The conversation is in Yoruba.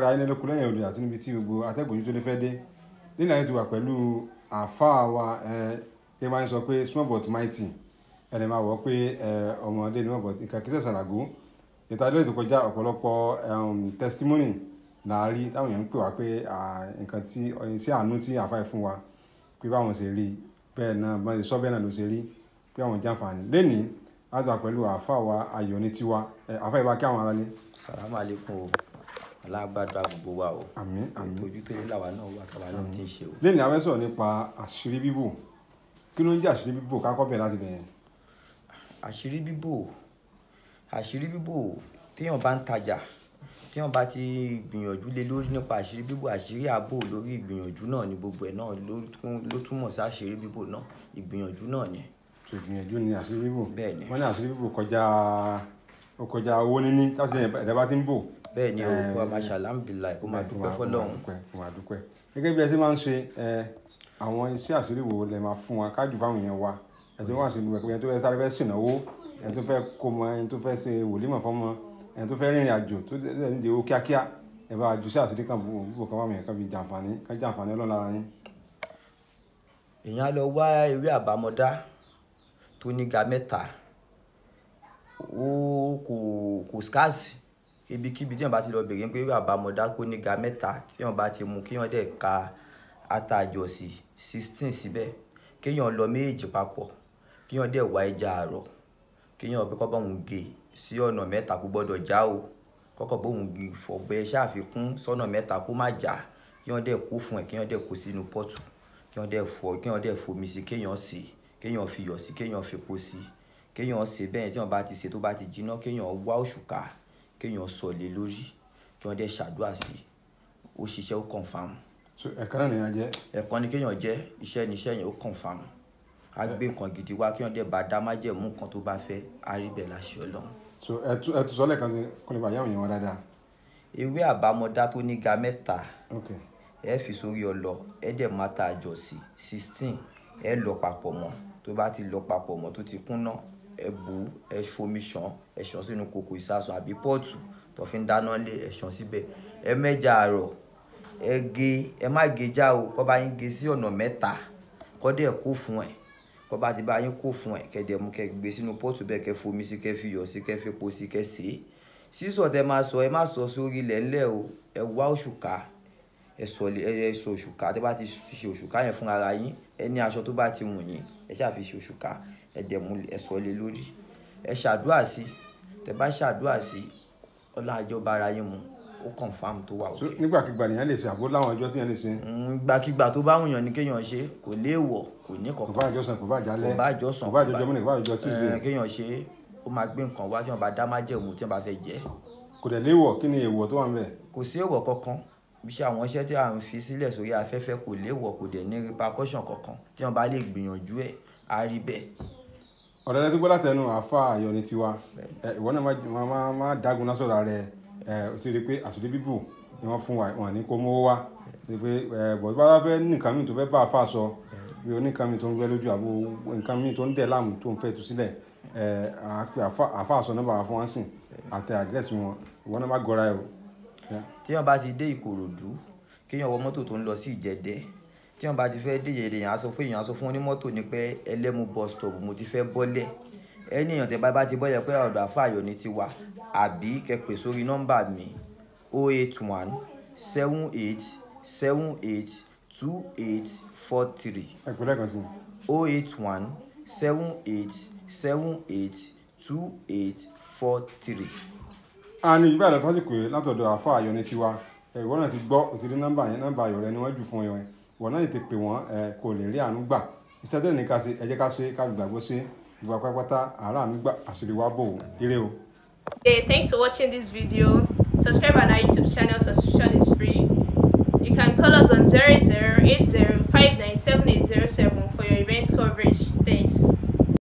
ọ̀kadà ayélujára lẹ́yìn òde àti níbi tí gbogbo atẹ́gbòjú tó lè fẹ́ dé nílẹ̀ ayé ti wà pẹ̀lú àáfàá wa ẹ ẹ máa ń sọ pé small but mighty ẹ lè máa wọ̀ pé ọmọdé ni wọ́n bọ̀ nǹkan kí sẹ̀sẹ̀ làgó ètò ètò kọjá ọ̀pọ̀lọpọ̀ um, testimony láàárí táwọn èèyàn ń pè wá pé nǹkan tí iṣẹ́ àánú tí àáfàá fún wa pé báwọn ṣe rí bẹ́ẹ̀ náà bọ́n ṣe sọ bẹ́ẹ̀ náà ló ṣe rí pé àwọn jàǹfààní lénìí láti wà pẹ̀lú àáfàá wa ayọ̀ ní tiwa àáfàá ìbá kí àwọn aráalé. sàlámù alaykum alágbádá gbogbo wa o àmín àmín ètò ojú tẹ́lẹ̀ làwa náà wà káwa náà ti ń ṣe o. lẹ́nu àwọn sọ̀rọ̀ nípa àṣírí bíbò kí ló ń jẹ́ àṣírí bíbò kákọ́ bẹ̀rẹ̀ láti bẹ̀rẹ̀. àṣírí bíbò àṣírí bíbò téèyàn bá ń tajà téèyàn bá ti gbìyànjú lé lórí nípa àṣírí bíbò àṣírí àbò lórí ìgbìyànjú náà ni gbogbo ẹ̀ náà ló túmọ̀ sí àṣírí bíbò náà ìgbìyànjú náà ni. ìgbìyànjú ni àṣírí bíbò bẹ́ẹ̀ ni wọ́n ní àṣírí bíbò kọjá o kọjá owó níní táwọn ṣẹlẹ̀ ẹ̀dá bá ti ń bò. bẹ́ẹ̀ ni o wa masha alhamdulilayi o máa dúpẹ́ fọ́lọ́run. o máa dúpẹ́ gẹ́gẹ́ bí ẹ ṣe máa ń ṣe àwọn iṣẹ́ àṣírí wo lẹ máa fún wa kájú fáwọn yẹn wa ẹ tó wà sí ìlú ẹ̀pẹ́ tó fẹ́ sáré fẹ́ sìnàwó ẹ tó fẹ́ kó mọ ẹ tó fẹ́ ṣe wòlímọ̀ fọ́mọ ẹ tó fẹ́ rìnrìn àjò tó tẹ̀lé ní owó kíákíá ẹ bá ju iṣẹ́ àṣírí kan bò kọ́ fáwọn yẹn kan fi jàǹfààní kan jàǹfààní ọlọ́run lára yín. èèyàn lọ wá ewé àbámọ́dá tó níga mẹ́ta ó kò kò skazi, ibikíbi tí wọn bá ti lọ bèrè pé bàbá mọdá kó ní ga mẹ́ta tí wọn bá ti mú kí wọn dẹ ka atajọsí sixteen síbẹ̀ kéèyàn lọ méjì papọ̀ kéèyàn dẹ wá ẹja àrọ̀ kéèyàn bí kọ́bọ̀ òun gé sí ọ̀nà mẹ́ta kó gbọ́dọ̀ já o kọ́kọ́ bó òun gé fọ̀bẹ́ ṣàfikún sọ́nà mẹ́ta kó má já kéèyàn dẹ kó fún ẹ kéèyàn dẹ kó sínú pọ́tù kéèyàn dẹ fọ kéèyàn dẹ fomi sí kéèyàn sí kéèyàn fi sí kéèyàn fi sí. Si kéèyàn ṣe bẹ́ẹ̀ tí wọ́n bá ti ṣe tó bá ti jiná kéèyàn wá òṣùká kéèyàn sọ lé lórí kí wọ́n dẹ̀ ṣàdúrà sí ó ṣiṣẹ́ ó confam. so ẹ̀kọ́ náà nìyẹn jẹ́. ẹ̀kọ́ ni kéèyàn jẹ́ iṣẹ́ ni iṣẹ́ yẹn ó confam a gbé nǹkan gidi wá kéèyàn dẹ̀ bá dá májẹ̀mú nǹkan tó bá fẹ́ a rí bẹ̀ láṣẹ Ọlọ́run. so ẹ tún sọlẹ̀ kan sí kọ́lẹ́bà yàwó yẹn wá dáadáa. ewé àbámọ́dá tó ní ga mẹ́ta ẹ fi sórí ọlọ ẹ dẹ̀ máa ta àjọsí sixteen ẹ lọ papọ̀ mọ́ tó bá ti lọ papọ̀ mọ́ tó ti kúnná ẹ bù ú ẹ fomi ṣàn ẹ ṣàn sínú kòkò ìsasùn àbí pọ́ọ̀tù tó fi ń dáná lé ẹ ṣàn síbẹ̀ ẹ mẹ́ja àrọ̀ ẹ gé ẹ má gé já o kọ́ bá yín gé sí ọ̀nà mẹ́ta kọ́ dẹ̀ kó fún ẹ̀ kọ́ bá ti bá yín kó fún ẹ̀ kẹ́ dẹ̀ mú kẹ́ gbé sínú pọ́ọ̀tù bẹ́ẹ̀ kẹ́ fomi sí kẹ́ fi yọ̀ sí kẹ́ fepo sí kẹ́ sè é sísọ tẹ máa sọ ẹ má sọ sórí ilẹ̀ ńlẹ̀ o ẹ wá òṣùká ẹ sọ òṣùká tẹ bá ti ṣe òṣùká yẹn fún yín ẹ ní aṣọ tó bá ti wùn yín ẹ ṣáà fi ṣe òṣùká ẹ dẹ̀ mú ẹ sọ lé lórí ẹ ṣàdúrà sí tẹ bá ṣàdúrà sí ọlá àjọba ara yín mu ó confam tó wà òkè. nígbàkigbà nìyẹn lè ṣe àbó láwọn ọjọ́ tí yẹn lè ṣe. Mm, gbàkigbà tó bá wùyàn ní kéèyàn ṣe kò léèwọ̀ kò ní kọ̀ọ̀kan. kò bá àjọsàn kò bá àjálẹ̀ kò bá àjọsàn kò bá àjọjọ́ mọ́nì kò bá àjọjọ́ tíṣe. Eh, kéèyàn ṣe ó máa gbé nǹkan wá tí wọn bá dá májẹ̀mú tí wọn bá fẹ́ jẹ. kò dẹ̀ léèwọ̀ kí ni èèwọ̀ tó wà ń bẹ̀. kò sí èèwọ̀ kankan iṣẹ́ àwọn iṣẹ́ tí a ń fi sílẹ̀ sórí afẹ́fẹ́ kò léèwọ̀ kò dẹ̀ ní repercussion kankan tí wọ́n bá lè gbìyànjú ẹ̀ á rí bẹ́ẹ̀. ọ̀rẹ́ rẹ tó gbọ́dọ̀ tẹnu àáfà àyọ̀ni tiwa ìwọ náà má dágun lásọ̀rọ̀ rẹ ó ti rí i pé àṣírí bíbù ni wọ́n fún wa wọn ní kó mówó wá pé bọ̀dé bá fẹ́ nìkan mi tó fẹ́ bá àáfà sọ bí oníkan mi tó ń gbẹ lójú àbò nǹkan mi tó ń dẹ̀ láàmú tó ń fẹ́ tú sílẹ̀ àáfà sọ nọ́mbà wa fún wa sìn àtẹ àdírẹ́sì wọn ìwọ náà má gọra ẹ̀ o téèyàn bá ti dé ìkòròdú kéèyàn wọ mọ́tò tó ń lọ sí ìjẹ̀dẹ́ téèyàn bá ti fẹ́ dé ìjẹ̀dẹ́ èèyàn á sọ pé èèyàn á sọ fún onímọ́tò ni pé ẹlẹ́mu bus stop mo ti fẹ́ bọ́lẹ̀ ẹni èèyàn tẹ́ bá bá ti bọ́lẹ̀ pé ọ̀dọ̀ àfààyò ni ti wà àbí kẹ́ pè sórí nọ́mbà mi 081 78 78 2843. ẹ kúrẹ́ 081 78 78 2843 a ní ìbàdàn fásitì látọ̀dọ̀ àfa ayọ̀ ní tiwa ìwọ náà ti gbọ́ òsèlú nọ́mbà yẹn nọ́mbà ayọ̀ rẹ ni wọ́n jù fún ẹ ìwọ náà ti pè wọ́n kò lè rí àánú gbà ìsẹ́tẹ̀ ní ká ṣe ẹ jẹ́ ká ṣe ká gbàgbọ́ ṣe ìwà pátápátá àràánú gbà àṣírí wa bò ire o. Hey, thanks for watching this video. Subscribe on our YouTube channel. Subscription is free. You can call us on 080